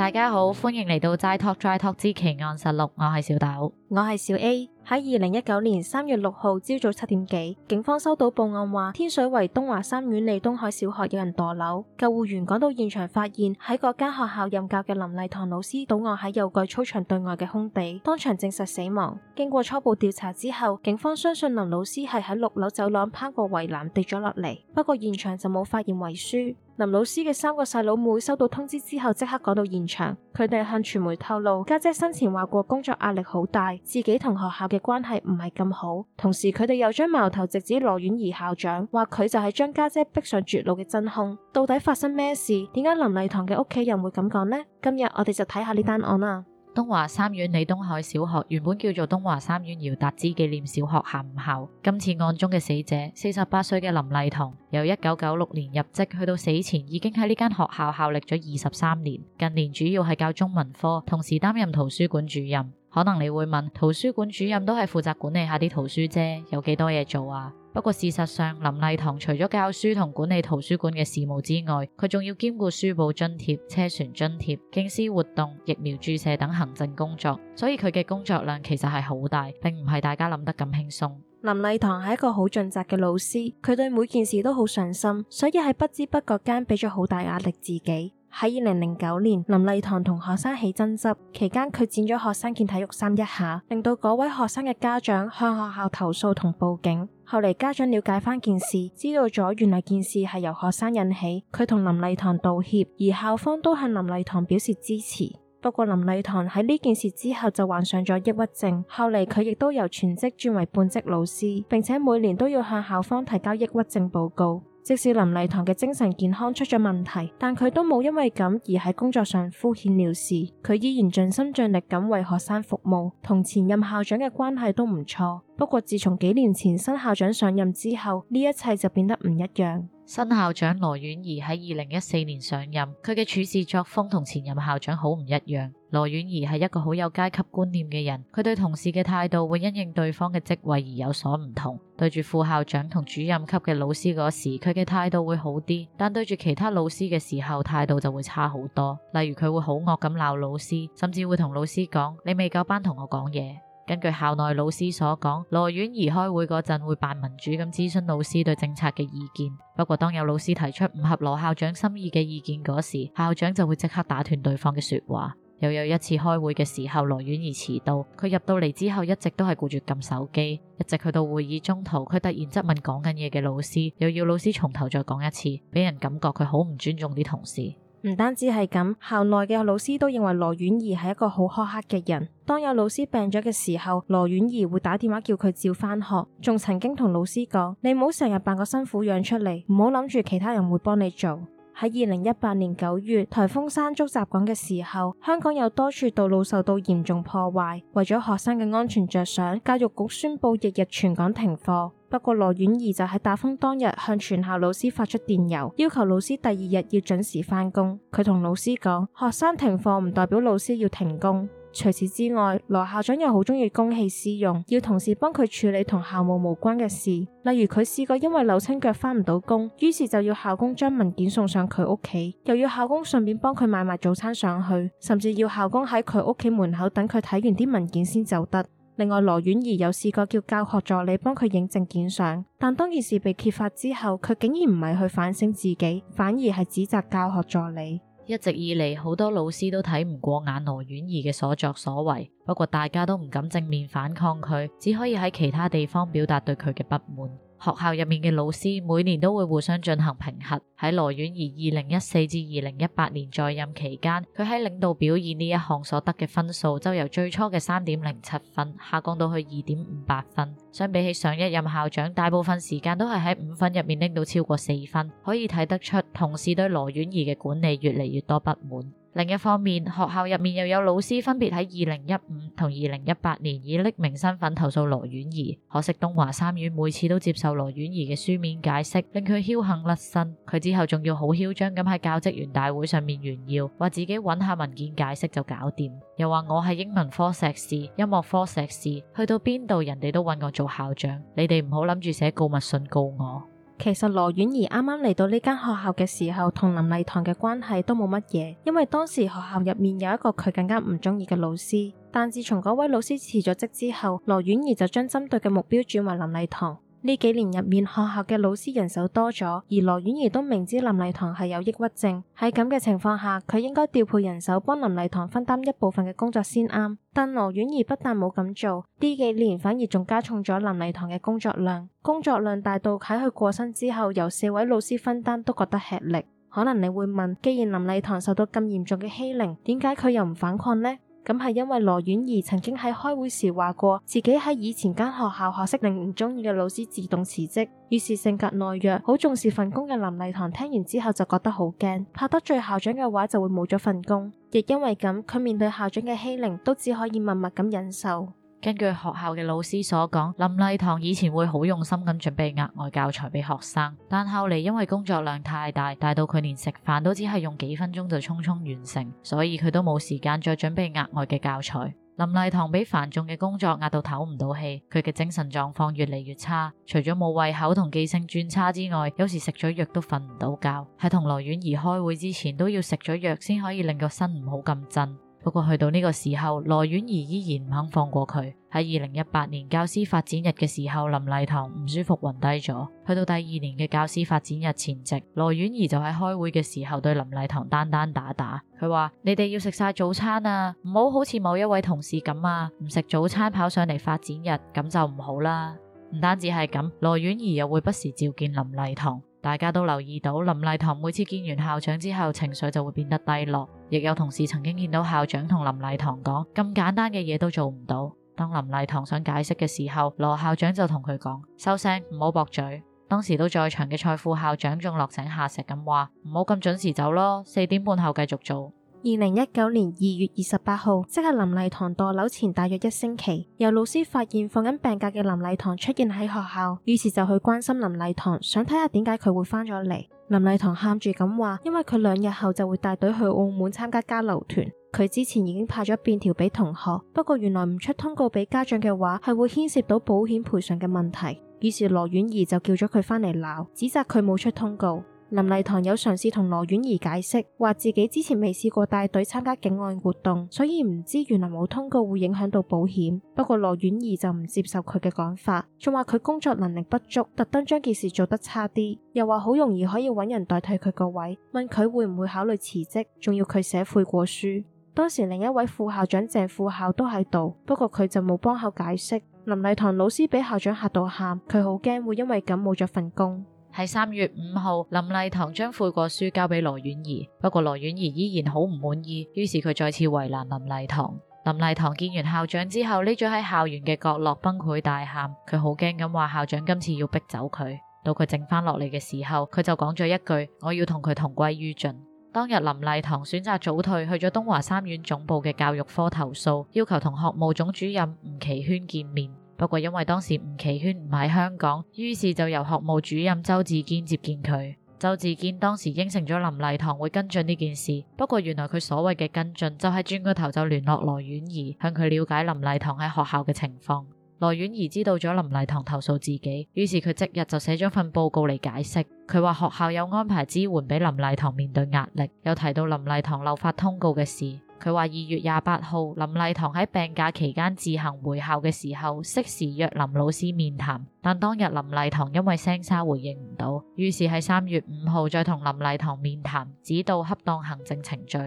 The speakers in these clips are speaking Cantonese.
大家好，歡迎嚟到齋托齋托之奇案實錄，我係小豆，我係小 A。喺二零一九年三月六號朝早七點幾，警方收到報案話，天水圍東華三院李東海小學有人墮樓。救護員趕到現場，發現喺嗰間學校任教嘅林麗棠老師倒卧喺有蓋操場對外嘅空地，當場證實死亡。經過初步調查之後，警方相信林老師係喺六樓走廊攀過圍欄跌咗落嚟，不過現場就冇發現遺書。林老師嘅三個細佬妹收到通知之後，即刻趕到現場。佢哋向傳媒透露，家姐生前話過工作壓力好大，自己同學校嘅關係唔係咁好。同時，佢哋又將矛頭直指羅婉儀校長，話佢就係將家姐逼上絕路嘅真兇。到底發生咩事？點解林麗棠嘅屋企人會咁講呢？今日我哋就睇下呢單案啦。東華三院李東海小學原本叫做東華三院姚達之紀念小學下午校。今次案中嘅死者四十八歲嘅林麗棠，由一九九六年入職，去到死前已經喺呢間學校效力咗二十三年。近年主要係教中文科，同時擔任圖書館主任。可能你會問，圖書館主任都係負責管理下啲圖書啫，有幾多嘢做啊？不過事實上，林麗棠除咗教書同管理圖書館嘅事務之外，佢仲要兼顧書簿津貼、車船津貼、敬師活動、疫苗注射等行政工作，所以佢嘅工作量其實係好大，並唔係大家諗得咁輕鬆。林麗棠係一個好盡責嘅老師，佢對每件事都好上心，所以喺不知不覺間俾咗好大壓力自己。喺二零零九年，林麗棠同學生起爭執，期間佢剪咗學生件體育衫一下，令到嗰位學生嘅家長向學校投訴同報警。後嚟家長了解返件事，知道咗原來件事係由學生引起，佢同林麗棠道歉，而校方都向林麗棠表示支持。不過林麗棠喺呢件事之後就患上咗抑鬱症，後嚟佢亦都由全職轉為半職老師，並且每年都要向校方提交抑鬱症報告。即使林麗棠嘅精神健康出咗問題，但佢都冇因為咁而喺工作上敷衍了事，佢依然盡心盡力咁為學生服務，同前任校長嘅關係都唔錯。不過自從幾年前新校長上任之後，呢一切就變得唔一樣。新校長羅婉儀喺二零一四年上任，佢嘅處事作風同前任校長好唔一樣。羅婉儀係一個好有階級觀念嘅人，佢對同事嘅態度會因應對方嘅職位而有所唔同。對住副校長同主任級嘅老師嗰時，佢嘅態度會好啲，但對住其他老師嘅時候態度就會差好多。例如佢會好惡咁鬧老師，甚至會同老師講，你未夠班同我講嘢。根據校內老師所講，羅婉儀開會嗰陣會扮民主咁諮詢老師對政策嘅意見。不過當有老師提出唔合羅校長心意嘅意見嗰時，校長就會即刻打斷對方嘅說話。又有一次開會嘅時候，羅婉儀遲到。佢入到嚟之後一，一直都係顧住撳手機，一直去到會議中途，佢突然質問講緊嘢嘅老師，又要老師從頭再講一次，俾人感覺佢好唔尊重啲同事。唔單止係咁，校內嘅老師都認為羅婉儀係一個好苛刻嘅人。當有老師病咗嘅時候，羅婉儀會打電話叫佢照返學，仲曾經同老師講：你唔好成日扮個辛苦樣出嚟，唔好諗住其他人會幫你做。喺二零一八年九月台風山竹襲港嘅時候，香港有多處道路受到嚴重破壞。為咗學生嘅安全着想，教育局宣佈翌日全港停課。不過羅婉儀就喺打風當日向全校老師發出電郵，要求老師第二日要準時返工。佢同老師講，學生停課唔代表老師要停工。除此之外，羅校長又好中意公器私用，要同事幫佢處理同校務無關嘅事，例如佢試過因為扭親腳返唔到工，於是就要校工將文件送上佢屋企，又要校工順便幫佢買埋早餐上去，甚至要校工喺佢屋企門口等佢睇完啲文件先走得。另外，羅婉儀有試過叫教學助理幫佢影證件相，但當件事被揭發之後，佢竟然唔係去反省自己，反而係指責教學助理。一直以嚟，好多老師都睇唔過眼羅婉儀嘅所作所為，不過大家都唔敢正面反抗佢，只可以喺其他地方表達對佢嘅不滿。學校入面嘅老師每年都會互相進行評核。喺羅婉儀二零一四至二零一八年在任期間，佢喺領導表現呢一項所得嘅分數，就由最初嘅三點零七分下降到去二點五八分。相比起上一任校長，大部分時間都係喺五分入面拎到超過四分，可以睇得出同事對羅婉儀嘅管理越嚟越多不滿。另一方面，學校入面又有老師分別喺二零一五同二零一八年以匿名身份投訴羅婉儀，可惜東華三院每次都接受羅婉儀嘅書面解釋，令佢僥倖甩身。佢之後仲要好囂張咁喺教職員大會上面炫耀，話自己揾下文件解釋就搞掂，又話我係英文科碩士、音樂科碩士，去到邊度人哋都揾我做校長，你哋唔好諗住寫告密信告我。其實羅婉儀啱啱嚟到呢間學校嘅時候，同林麗棠嘅關係都冇乜嘢，因為當時學校入面有一個佢更加唔中意嘅老師。但自從嗰位老師辭咗職之後，羅婉儀就將針對嘅目標轉為林麗棠。呢幾年入面，學校嘅老師人手多咗，而羅婉儀都明知林麗棠係有抑鬱症，喺咁嘅情況下，佢應該調配人手幫林麗棠分擔一部分嘅工作先啱。但羅婉儀不但冇咁做，呢幾年反而仲加重咗林麗棠嘅工作量，工作量大到喺佢過身之後，由四位老師分擔都覺得吃力。可能你會問，既然林麗棠受到咁嚴重嘅欺凌，點解佢又唔反抗呢？咁係因為羅婉儀曾經喺開會時話過，自己喺以前間學校學識令唔中意嘅老師自動辭職，於是性格懦弱、好重視份工嘅林麗棠聽完之後就覺得好驚，怕得罪校長嘅話就會冇咗份工，亦因為咁，佢面對校長嘅欺凌都只可以默默咁忍受。根據學校嘅老師所講，林麗棠以前會好用心咁準備額外教材俾學生，但後嚟因為工作量太大，大到佢連食飯都只係用幾分鐘就匆匆完成，所以佢都冇時間再準備額外嘅教材。林麗棠俾繁重嘅工作壓到透唔到氣，佢嘅精神狀況越嚟越差，除咗冇胃口同記性轉差之外，有時食咗藥都瞓唔到覺，喺同羅婉儀開會之前都要食咗藥先可以令個身唔好咁震。不過去到呢個時候，羅婉儀依然唔肯放過佢。喺二零一八年教師發展日嘅時候，林麗棠唔舒服暈低咗。去到第二年嘅教師發展日前夕，羅婉儀就喺開會嘅時候對林麗棠單單打打，佢話：你哋要食晒早餐啊，唔好好似某一位同事咁啊，唔食早餐跑上嚟發展日，咁就唔好啦。唔單止係咁，羅婉儀又會不時召見林麗棠。大家都留意到林麗棠每次見完校長之後情緒就會變得低落，亦有同事曾經見到校長同林麗棠講咁簡單嘅嘢都做唔到。當林麗棠想解釋嘅時候，羅校長就同佢講收聲唔好駁嘴。當時都在場嘅蔡副校長仲落井下石咁話唔好咁準時走咯，四點半後繼續做。二零一九年二月二十八號，即係林麗棠墮樓前大約一星期，由老師發現放緊病假嘅林麗棠出現喺學校，於是就去關心林麗棠，想睇下點解佢會翻咗嚟。林麗棠喊住咁話，因為佢兩日後就會帶隊去澳門參加交流團，佢之前已經派咗便條俾同學，不過原來唔出通告俾家長嘅話係會牽涉到保險賠償嘅問題，於是羅婉儀就叫咗佢翻嚟鬧，指責佢冇出通告。林麗堂有嘗試同羅婉儀解釋，話自己之前未試過帶隊參加境外活動，所以唔知原來冇通告會影響到保險。不過羅婉儀就唔接受佢嘅講法，仲話佢工作能力不足，特登將件事做得差啲，又話好容易可以搵人代替佢個位，問佢會唔會考慮辭職，仲要佢寫悔過書。當時另一位副校長鄭副校都喺度，不過佢就冇幫口解釋。林麗棠老師俾校長嚇到喊，佢好驚會因為咁冇咗份工。喺三月五號，林麗棠將悔過書交俾羅婉儀，不過羅婉儀依然好唔滿意，於是佢再次為難林麗棠。林麗棠見完校長之後，匿咗喺校園嘅角落崩潰大喊，佢好驚咁話校長今次要逼走佢。到佢剩翻落嚟嘅時候，佢就講咗一句：我要同佢同歸於盡。當日林麗棠選擇早退，去咗東華三院總部嘅教育科投訴，要求同學務總主任吳奇軒見面。不過因為當時吳奇軒唔喺香港，於是就由學務主任周志堅接見佢。周志堅當時應承咗林麗棠會跟進呢件事。不過原來佢所謂嘅跟進，就係轉個頭就聯絡羅婉儀，向佢了解林麗棠喺學校嘅情況。羅婉儀知道咗林麗棠投訴自己，於是佢即日就寫咗份報告嚟解釋。佢話學校有安排支援俾林麗棠面對壓力，又提到林麗棠漏發通告嘅事。佢話二月廿八號林麗棠喺病假期間自行回校嘅時候，適時約林老師面談，但當日林麗棠因為聲沙回應唔到，於是喺三月五號再同林麗棠面談，指導恰當行政程序。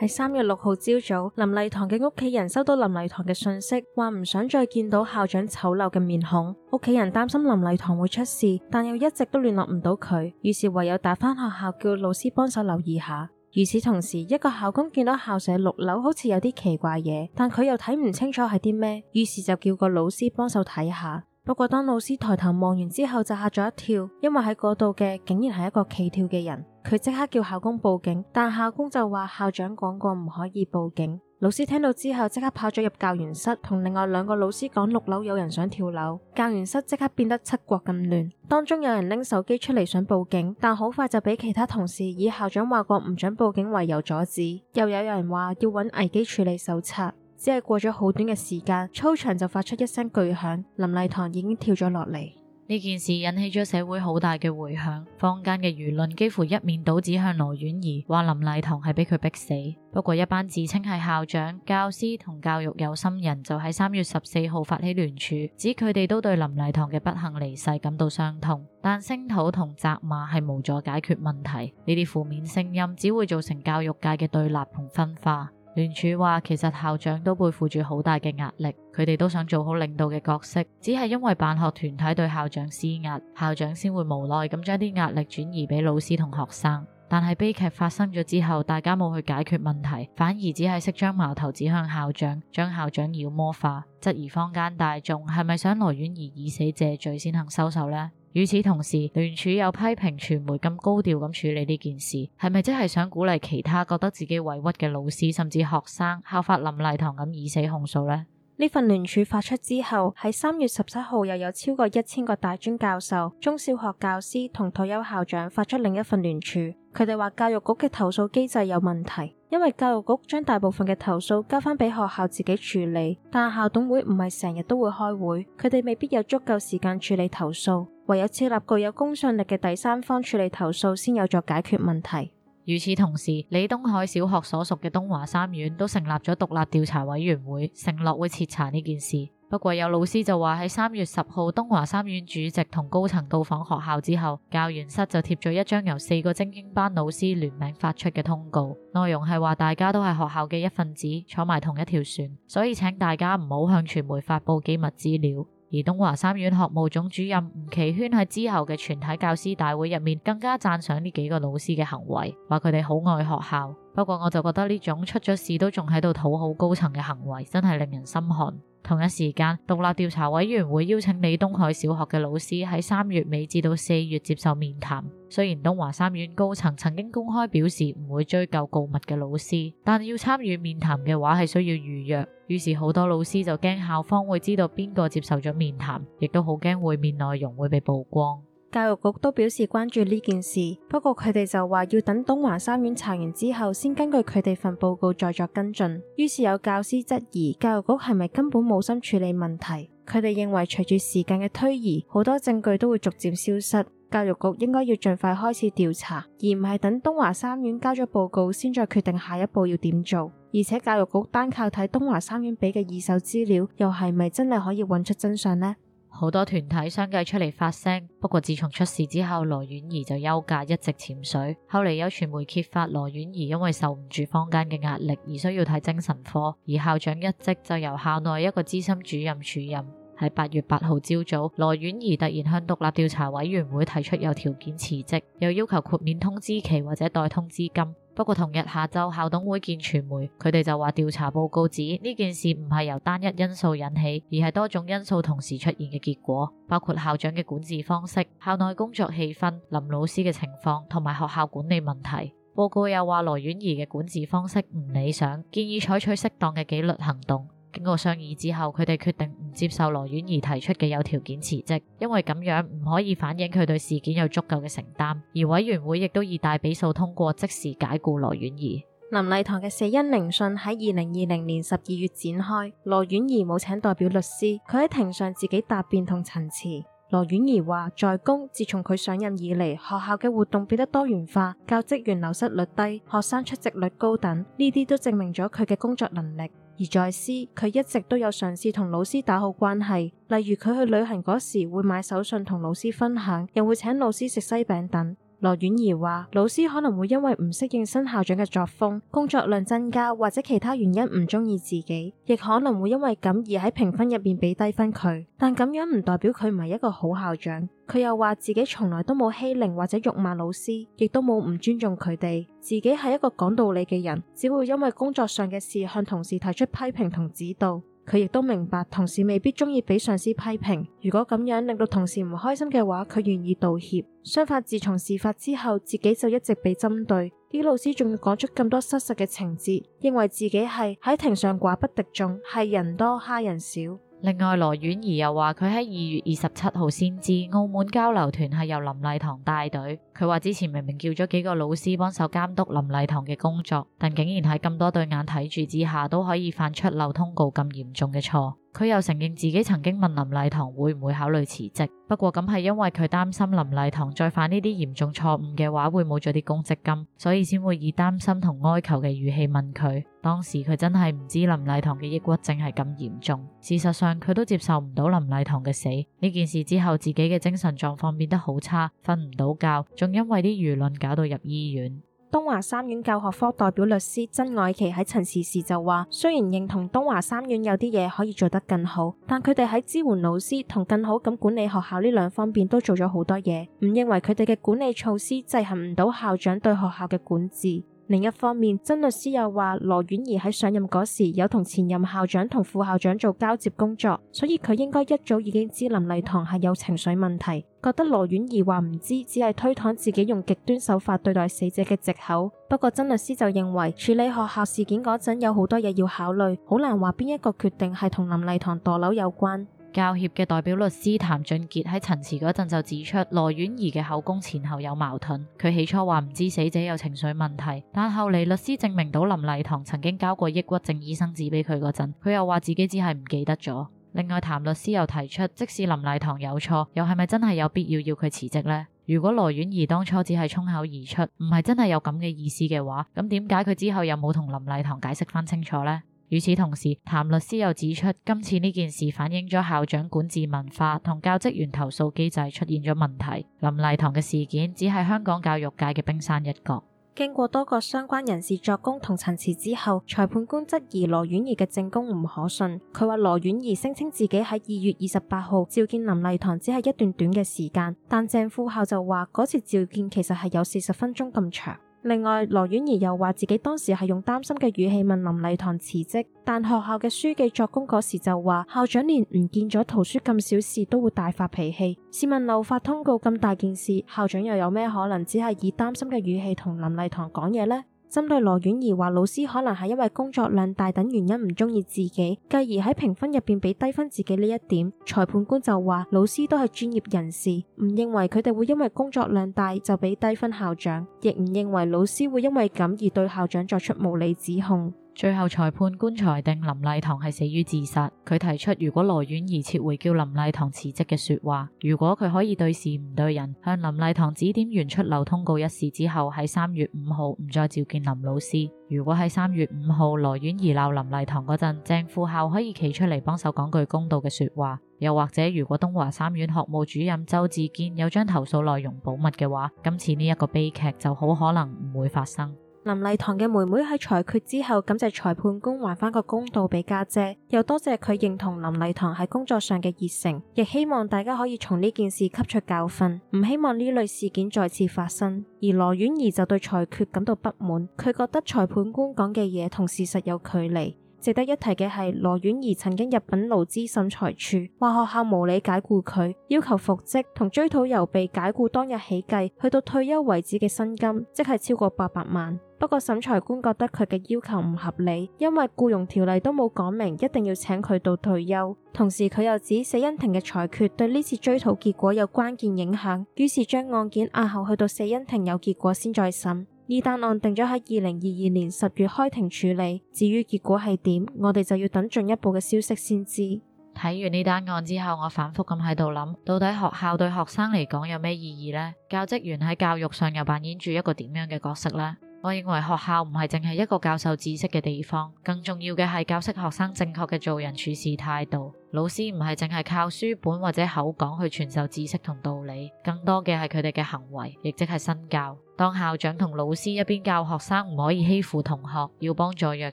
喺三月六號朝早，林麗棠嘅屋企人收到林麗棠嘅信息，話唔想再見到校長醜陋嘅面孔，屋企人擔心林麗棠會出事，但又一直都聯絡唔到佢，於是唯有打返學校叫老師幫手留意下。與此同時，一個校工見到校舍六樓好似有啲奇怪嘢，但佢又睇唔清楚係啲咩，於是就叫個老師幫手睇下。不過當老師抬頭望完之後，就嚇咗一跳，因為喺嗰度嘅竟然係一個企跳嘅人。佢即刻叫校工報警，但校工就話校長講過唔可以報警。老師聽到之後，即刻跑咗入教員室，同另外兩個老師講六樓有人想跳樓。教員室即刻變得七國咁亂，當中有人拎手機出嚟想報警，但好快就俾其他同事以校長話過唔准報警為由阻止。又有人話要搵危機處理手冊，只係過咗好短嘅時間，操場就發出一聲巨響，林麗棠已經跳咗落嚟。呢件事引起咗社會好大嘅回響，坊間嘅輿論幾乎一面倒指向羅婉儀，話林麗棠係俾佢逼死。不過一班自稱係校長、教師同教育有心人就喺三月十四號發起聯署，指佢哋都對林麗棠嘅不幸離世感到傷痛，但聲討同責罵係無助解決問題，呢啲負面聲音只會造成教育界嘅對立同分化。聯署話，其實校長都背負住好大嘅壓力，佢哋都想做好領導嘅角色，只係因為辦學團體對校長施壓，校長先會無奈咁將啲壓力轉移俾老師同學生。但係悲劇發生咗之後，大家冇去解決問題，反而只係識將矛頭指向校長，將校長妖魔化，質疑坊間大眾係咪想羅婉儀以死謝罪先肯收手呢？與此同時，聯署又批評傳媒咁高調咁處理呢件事，係咪真係想鼓勵其他覺得自己委屈嘅老師甚至學生效法林麗棠咁以死控訴呢？呢份聯署發出之後，喺三月十七號又有超過一千個大專教授、中小學教師同退休校長發出另一份聯署，佢哋話教育局嘅投訴機制有問題，因為教育局將大部分嘅投訴交翻俾學校自己處理，但校董會唔係成日都會開會，佢哋未必有足夠時間處理投訴。唯有設立具有公信力嘅第三方處理投訴，先有助解決問題。與此同時，李東海小學所屬嘅東華三院都成立咗獨立調查委員會，承諾會徹查呢件事。不過有老師就話喺三月十號，東華三院主席同高層到訪學校之後，教員室就貼咗一張由四個精英班老師聯名發出嘅通告，內容係話大家都係學校嘅一份子，坐埋同一條船，所以請大家唔好向傳媒發布機密資料。而東華三院學務總主任吳其軒喺之後嘅全體教師大會入面，更加讚賞呢幾個老師嘅行為，話佢哋好愛學校。不過我就覺得呢種出咗事都仲喺度討好高層嘅行為，真係令人心寒。同一時間，獨立調查委員會邀請李東海小學嘅老師喺三月尾至到四月接受面談。雖然東華三院高層曾經公開表示唔會追究告密嘅老師，但要參與面談嘅話係需要預約。於是好多老師就驚校方會知道邊個接受咗面談，亦都好驚會面內容會被曝光。教育局都表示關注呢件事，不過佢哋就話要等東華三院查完之後，先根據佢哋份報告再作跟進。於是有教師質疑教育局係咪根本冇心處理問題？佢哋認為隨住時間嘅推移，好多證據都會逐漸消失，教育局應該要盡快開始調查，而唔係等東華三院交咗報告先再決定下一步要點做。而且教育局單靠睇東華三院俾嘅二手資料，又係咪真係可以揾出真相呢？好多團體相繼出嚟發聲，不過自從出事之後，羅婉儀就休假，一直潛水。後嚟有傳媒揭發羅婉儀因為受唔住坊間嘅壓力，而需要睇精神科，而校長一職就由校內一個資深主任署任。喺八月八號朝早，羅婉儀突然向獨立調查委員會提出有條件辭職，又要求豁免通知期或者代通知金。不過同日下晝校董會見傳媒，佢哋就話調查報告指呢件事唔係由單一因素引起，而係多種因素同時出現嘅結果，包括校長嘅管治方式、校內工作氣氛、林老師嘅情況同埋學校管理問題。報告又話羅婉儀嘅管治方式唔理想，建議採取適當嘅紀律行動。經過商議之後，佢哋決定唔接受羅婉儀提出嘅有條件辭職，因為咁樣唔可以反映佢對事件有足夠嘅承擔。而委員會亦都以大比數通過即時解僱羅婉儀。林麗棠嘅死因聆訊喺二零二零年十二月展開。羅婉儀冇請代表律師，佢喺庭上自己答辯同陳詞。羅婉儀話，在公自從佢上任以嚟，學校嘅活動變得多元化，教職員流失率低，學生出席率高等，呢啲都證明咗佢嘅工作能力。而在私，佢一直都有嘗試同老師打好關係，例如佢去旅行嗰時會買手信同老師分享，又會請老師食西餅等。羅婉儀話：老師可能會因為唔適應新校長嘅作風、工作量增加或者其他原因唔中意自己，亦可能會因為咁而喺評分入面俾低分佢。但咁樣唔代表佢唔係一個好校長。佢又話自己從來都冇欺凌或者辱罵老師，亦都冇唔尊重佢哋。自己係一個講道理嘅人，只會因為工作上嘅事向同事提出批評同指導。佢亦都明白同事未必中意俾上司批評，如果咁樣令到同事唔開心嘅話，佢願意道歉。相反，自從事發之後，自己就一直被針對。啲老師仲要講出咁多失實嘅情節，認為自己係喺庭上寡不敵眾，係人多蝦人少。另外，羅婉儀又話佢喺二月二十七號先知澳門交流團係由林麗棠帶隊。佢話之前明明叫咗幾個老師幫手監督林麗棠嘅工作，但竟然喺咁多對眼睇住之下都可以犯出漏通告咁嚴重嘅錯。佢又承認自己曾經問林麗棠會唔會考慮辭職，不過咁係因為佢擔心林麗棠再犯呢啲嚴重錯誤嘅話會冇咗啲公積金，所以先會以擔心同哀求嘅語氣問佢。當時佢真係唔知林麗棠嘅抑鬱症係咁嚴重，事實上佢都接受唔到林麗棠嘅死。呢件事之後，自己嘅精神狀況變得好差，瞓唔到覺。仲因為啲輿論搞到入醫院。東華三院教學科代表律師曾愛琪喺陳詞時就話：雖然認同東華三院有啲嘢可以做得更好，但佢哋喺支援老師同更好咁管理學校呢兩方面都做咗好多嘢，唔認為佢哋嘅管理措施制衡唔到校長對學校嘅管治。另一方面，曾律師又話羅婉儀喺上任嗰時有同前任校長同副校長做交接工作，所以佢應該一早已經知林麗棠係有情緒問題。覺得羅婉儀話唔知，只係推搪自己用極端手法對待死者嘅藉口。不過曾律師就認為處理學校事件嗰陣有好多嘢要考慮，好難話邊一個決定係同林麗棠墮樓有關。教協嘅代表律師譚俊傑喺陳詞嗰陣就指出羅婉儀嘅口供前後有矛盾，佢起初話唔知死者有情緒問題，但後嚟律師證明到林麗棠曾經交過抑鬱症醫生紙俾佢嗰陣，佢又話自己只係唔記得咗。另外，譚律師又提出，即使林麗棠有錯，又係咪真係有必要要佢辭職呢？如果羅婉儀當初只係衝口而出，唔係真係有咁嘅意思嘅話，咁點解佢之後又冇同林麗棠解釋翻清楚呢？與此同時，譚律師又指出，今次呢件事反映咗校長管治文化同教職員投訴機制出現咗問題。林麗棠嘅事件只係香港教育界嘅冰山一角。經過多個相關人士作供同陳詞之後，裁判官質疑羅婉儀嘅證供唔可信。佢話羅婉儀聲稱自己喺二月二十八號召見林麗棠只係一段短嘅時間，但鄭副校就話嗰次召見其實係有四十分鐘咁長。另外，羅婉儀又話自己當時係用擔心嘅語氣問林麗棠辭職，但學校嘅書記作供嗰時就話校長連唔見咗圖書咁小事都會大發脾氣。試問漏發通告咁大件事，校長又有咩可能只係以擔心嘅語氣同林麗棠講嘢呢？針對羅婉儀話老師可能係因為工作量大等原因唔中意自己，繼而喺評分入邊俾低分自己呢一點，裁判官就話老師都係專業人士，唔認為佢哋會因為工作量大就俾低分校長，亦唔認為老師會因為咁而對校長作出無理指控。最後裁判官裁定林麗棠係死於自殺。佢提出如果羅婉儀撤回叫林麗棠辭職嘅說話，如果佢可以對事唔對人，向林麗棠指點完出流通告一事之後，喺三月五號唔再召見林老師。如果喺三月五號羅婉儀鬧林麗棠嗰陣，鄭副校可以企出嚟幫手講句公道嘅說話。又或者，如果東華三院學務主任周志堅有將投訴內容保密嘅話，今次呢一個悲劇就好可能唔會發生。林麗棠嘅妹妹喺裁決之後，感謝裁判官還翻個公道俾家姐，姐，又多謝佢認同林麗棠喺工作上嘅熱誠，亦希望大家可以從呢件事吸取教訓，唔希望呢類事件再次發生。而羅婉儀就對裁決感到不滿，佢覺得裁判官講嘅嘢同事實有距離。值得一提嘅係，羅婉儀曾經入稟勞資審裁處，話學校無理解僱佢，要求復職同追討由被解僱當日起計去到退休為止嘅薪金，即係超過八百萬。不過審裁官覺得佢嘅要求唔合理，因為僱傭條例都冇講明一定要請佢到退休。同時佢又指死因庭嘅裁決對呢次追討結果有關鍵影響，於是將案件押後去到死因庭有結果先再審。呢單案定咗喺二零二二年十月開庭處理，至於結果係點，我哋就要等進一步嘅消息先知。睇完呢單案之後，我反覆咁喺度諗，到底學校對學生嚟講有咩意義呢？教職員喺教育上又扮演住一個點樣嘅角色呢？我認為學校唔係淨係一個教授知識嘅地方，更重要嘅係教識學生正確嘅做人處事態度。老師唔係淨係靠書本或者口講去傳授知識同道理，更多嘅係佢哋嘅行為，亦即係身教。當校長同老師一邊教學生唔可以欺負同學，要幫助弱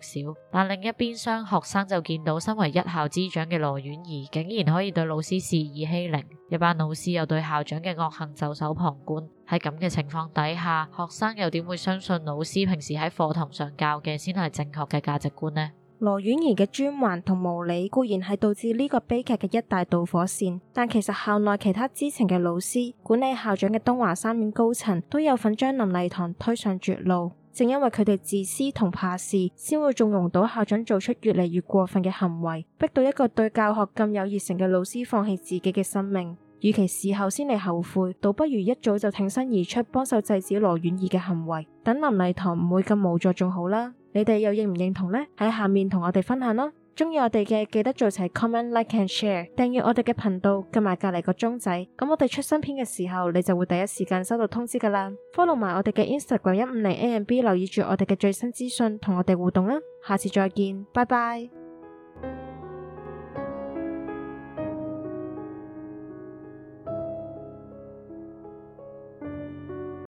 小，但另一邊廂學生就見到身為一校之長嘅羅婉儀竟然可以對老師肆意欺凌，一班老師又對校長嘅惡行袖手旁觀。喺咁嘅情況底下，學生又點會相信老師平時喺課堂上教嘅先係正確嘅價值觀呢？羅婉儀嘅專橫同無理固然係導致呢個悲劇嘅一大導火線，但其實校內其他知情嘅老師、管理校長嘅東華三院高層都有份將林麗棠推上絕路。正因為佢哋自私同怕事，先會縱容到校長做出越嚟越過分嘅行為，逼到一個對教學咁有熱誠嘅老師放棄自己嘅生命。與其事後先嚟後悔，倒不如一早就挺身而出，幫手制止羅婉儀嘅行為，等林麗棠唔會咁無助，仲好啦。你哋又認唔認同呢？喺下面同我哋分享啦！中意我哋嘅記得做齊 comment、like and share，訂閱我哋嘅頻道，撳埋隔籬個鐘仔，咁我哋出新片嘅時候，你就會第一時間收到通知噶啦！Follow 埋我哋嘅 Instagram 一五零 AMB，留意住我哋嘅最新資訊，同我哋互動啦！下次再見，拜拜。